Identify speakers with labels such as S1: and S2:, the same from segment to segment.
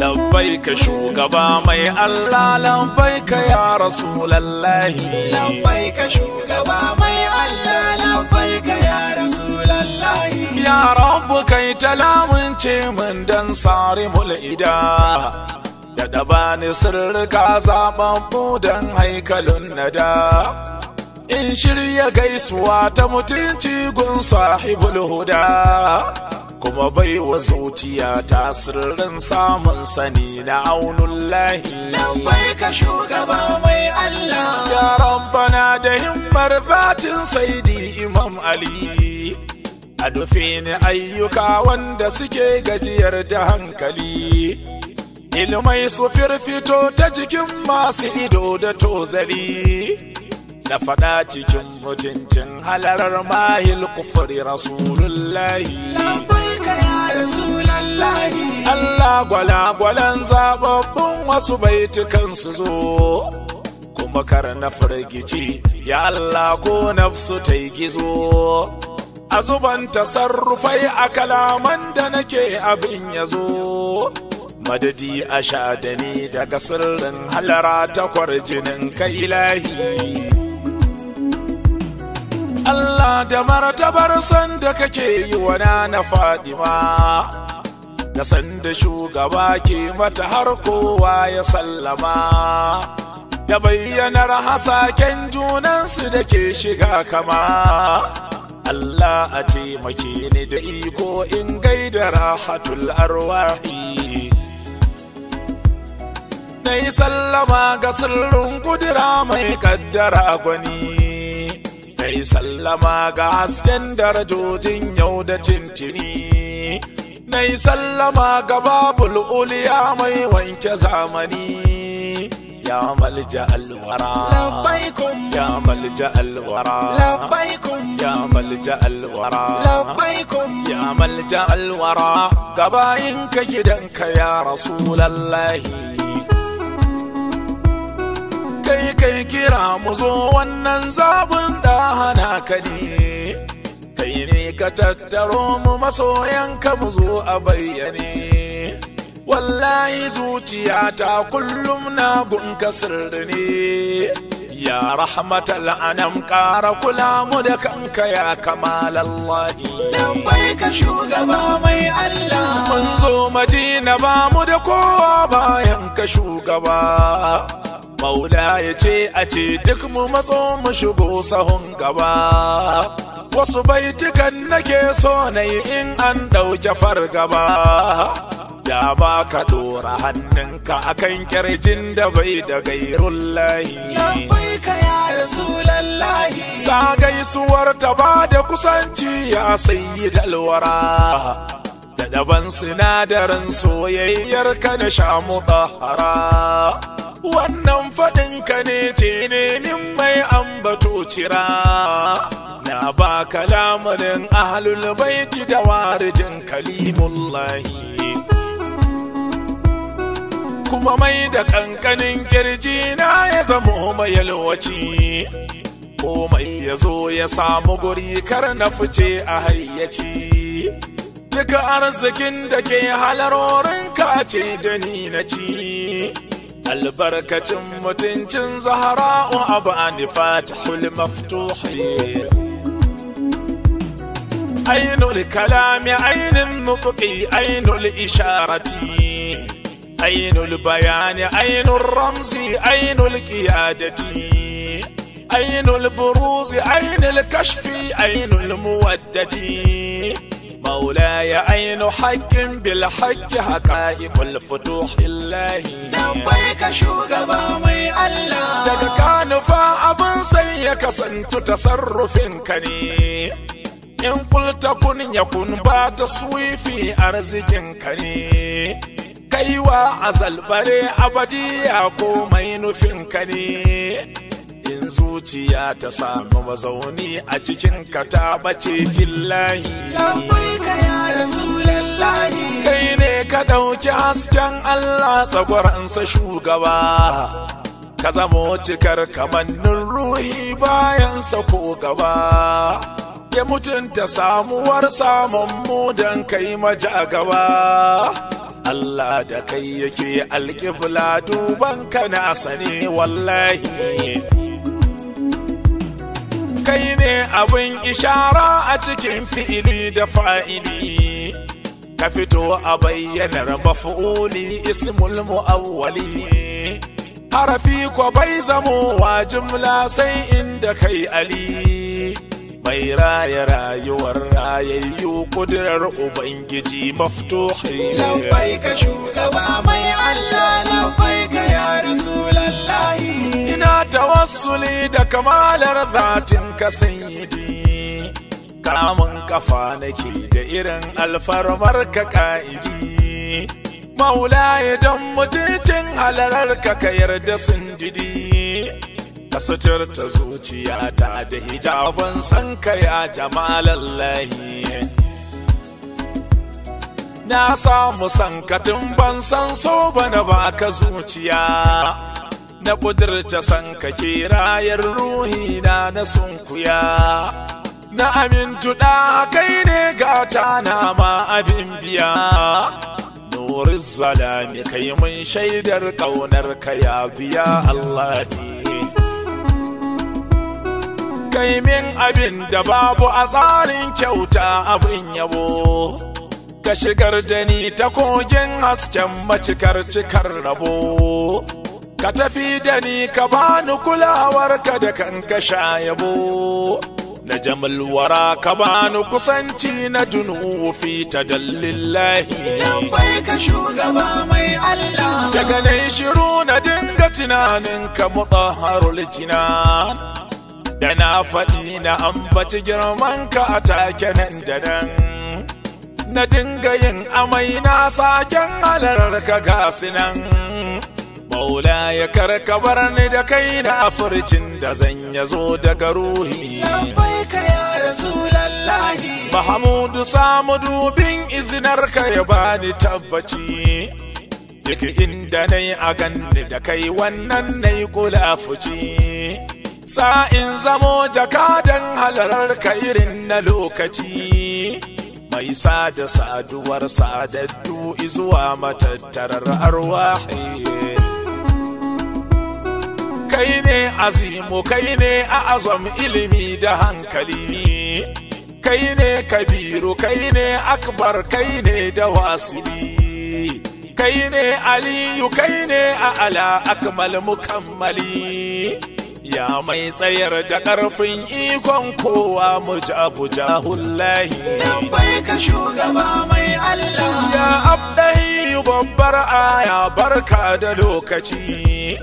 S1: labbaika shugaba mai Allah labbaika ya rasulallahi labbaika shugaba mai Allah labbaika ya rasulallahi ya rabbu kai ce mun dan sare mul'ida da dabani sirrika zababbu dan haikalun nada in shirya gaisuwa ta mutunci gun sahibul huda kuma bai wa zuciya ta sirrin samun sani na aunin lahi. Lambai ka shugaba mai Allah. Yaran bana da himmar fatin saidi Imam Ali. A dufe ni ayyuka wanda suke gajiyar da hankali. Ilmai su firfito ta jikin masu ido da tozali. da faɗa cikin mutuncin halarar mahil kufuri rasulullahi. rasulallahi Allah gwalagwalan zababbun wasu bai baitukan su zo kuma kar na firgici ya Allah ko nafsu ta yi gizo a zuban sarrufai a kalaman da nake abin ya zo madadi a sha da ni daga sirrin halara ta kwarjinin kai ilahi Allah da martabar san da kake yi wa na Fadima da san da shugaba ke mata har kowa ya sallama da bayyanar hasaken junansu da ke shiga kama Allah a taimake ni da iko in gaida rahatul arwahi na yi sallama ga sirrin kudura mai kaddara gwani kai sallama ga hasken darajojin yau da tintini na sallama ga babul uliya mai wanke zamani ya malja alwara ya malja alwara ya malja alwara ya malja alwara ka gidanka ya rasulallahi kai kira mu zo wannan zabin da hana ka ne kai ne ka tattaro mu masoyanka mu zo a bayyane wallahi zuciyata kullum na gunka sirri ne ya rahmata, anam kara kula mu da kanka ya kamalallahi bai ka shugaba mai Allah mun zo madina ba mu da kowa bayan ka shugaba maula ya ce a ce duk mu matso mu shigo sahun gaba wasu baitukan nake so na yi in an ɗauke fargaba da ba ka ɗora hannunka a kan ƙirjin da bai da gairun layi. Sa gaisuwar ta ba da kusanci ya sayi dalwara. Da daban sinadarin soyayyar ka na sha ɗahara. wannan faɗin ka ne ce ne nin mai ambato cira na ba kalamarin ahalul baiti da warijin kalimullahi kuma mai da ƙanƙanin kirji na ya zamo mai yalwaci komai ya zo ya samu guri kar na fice a hayyaci duka arzikin da ke halarorin ka ce da ni na ci البركة متنجن زهراء أبان فاتح المفتوح أين الكلام أين النطق أين الإشارة أين البيان أين الرمز أين القيادة أين البروز أين الكشف أين المودة مولاي عين حق بالحق حقائق الفتوح الله لبيك شوغبا مي الله daga kanufa abin sai ya kasantu tasarrufin ka ne in kulta kun ya kun ba ta suwifi arzikin ka ne kaiwa azalbare abadiya komai nufin ka ne in zuciya ta samu mazauni a cikin ka ta bace fillahi labbai ya rasulullahi kai ne ka ɗauki hasken Allah tsagwaransa shugaba ka zamo cikar kamannin ruhi bayan sa ko gaba ya mutunta samuwar mu don kai maja gaba Allah da kai yake alƙibla duban ka na sane wallahi kai ne abin ishara a cikin fi'ili da fa'ili ka fito a raba fa'uli ismul mu'awwali harafi ko bai zamo wa jumla sai inda kai ali mai raya rayuwar rayayyu kudurar ubangiji maftuhi lafai ka shugaba mai allah lafai ka ya rasulallahi tawassuli da kamalar zatin ka sayyidi kamun kafa nake da irin alfarmar ka ka'idi Maula idan mutuncin halalar ka ka yarda sun jidi ka suturta ta da hijabin san ka ya jamalallahi na samu tun ban san so bana baka zuciya na ƙudurta san kake rayar ruhi na na sunkuya na amintu da kai ne gata na ma abin biya nuri zalami kai mun shaidar ƙaunar ka ya biya Allah ne kai min abin da babu a tsarin kyauta abin yabo ka shigar da ni ta kogin hasken macikar cikar rabo ka tafi da ni ka bani kulawarka da kanka shayabo na jamalwara ka bani kusanci na dunufi ta dallillahi bai ka shugaba mai Allah daga nai shiru na dinga tunanin ka mutahharul jinan da na faɗi na ambaci girman ka a take nan da nan na dinga yin amai na saken halar ka gasinan maula ya karka bar ni da kai na afircin da zan ya zo daga ruhi Mahamudu samu dubin izinarka ya bani tabbaci duk inda yi a ganni da kai wannan yi kula fuci sa'in zamo jakadan halarar ka irin na lokaci mai sada saduwar sadaddu izuwa matattarar arwahi azimu kai ne a azam ilimi da hankali kai ne kabiru kai ne akbar kai ne da wasili kai ne aliyu kai ne a ala akmal mukammali ya mai tsayar da ƙarfin ikon kowa mu ji abuja hullahi bai ka shugaba mai allah ya abdahi babbar aya barka da lokaci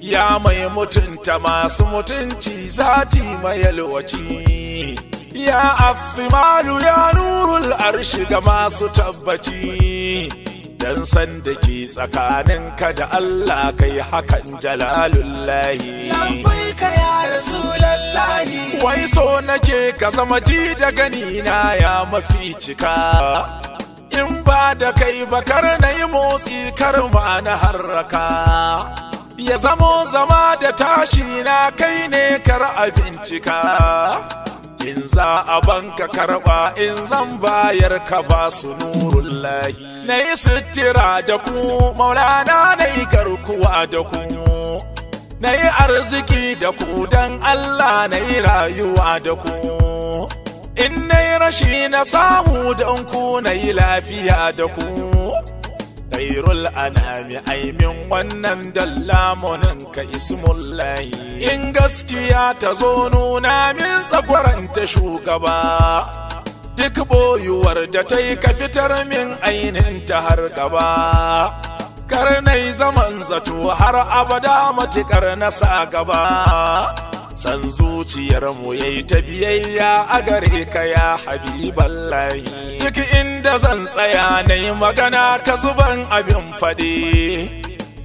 S1: ya mai mutunta masu mutunci zati mai yalwaci ya afi affimalu ya nurul arshi ga masu tabbaci dan sanda da ke ka da Allah kai hakan jalalullahi labbaika ya rasulullahi wai so nake ka zama ji da gani na ya mafi cika in ba da kai bakar na yi motsi kar ma na harraka ya zamo zama da tashi na kai ne kar a bincika in za a banka karba in zan bayar ka ba su lahi na yi sutura da ku maulana na yi garkuwa da ku na yi arziki da ku don allah na yi rayuwa da ku in na yi rashi na samu don ku na yi lafiya da ku Dairul anami aimin wannan dallamonin ka ismullahi In gaskiya ta zo nuna min tsakwaranta shugaba Duk boyuwar da ta yi ka fitar min ainin ta har gaba Karnai zaman zato har abada matuƙar na sa gaba san zuciyar mu yayi ta biyayya a gare ka ya habiballahi duk inda zan tsaya nayi magana ka zuban abin fade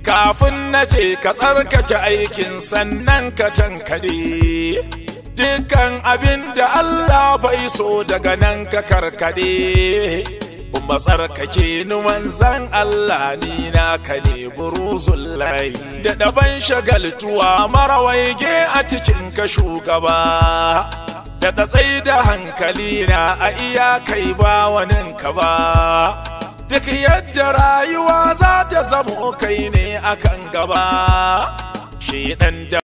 S1: kafin na ce ka tsarkake aikin sannan ka tankade dukkan abin da Allah bai so daga nan ka karkade tsarkake ni wanzan Allah ni na ka ne buruzun layi da daban shagaltuwa marawaige a cikin ka shugaba da tsatsai da hankali na a iyakai ba wanin ka ba duk yadda rayuwa za ta zamo kai ne akan gaba shi dan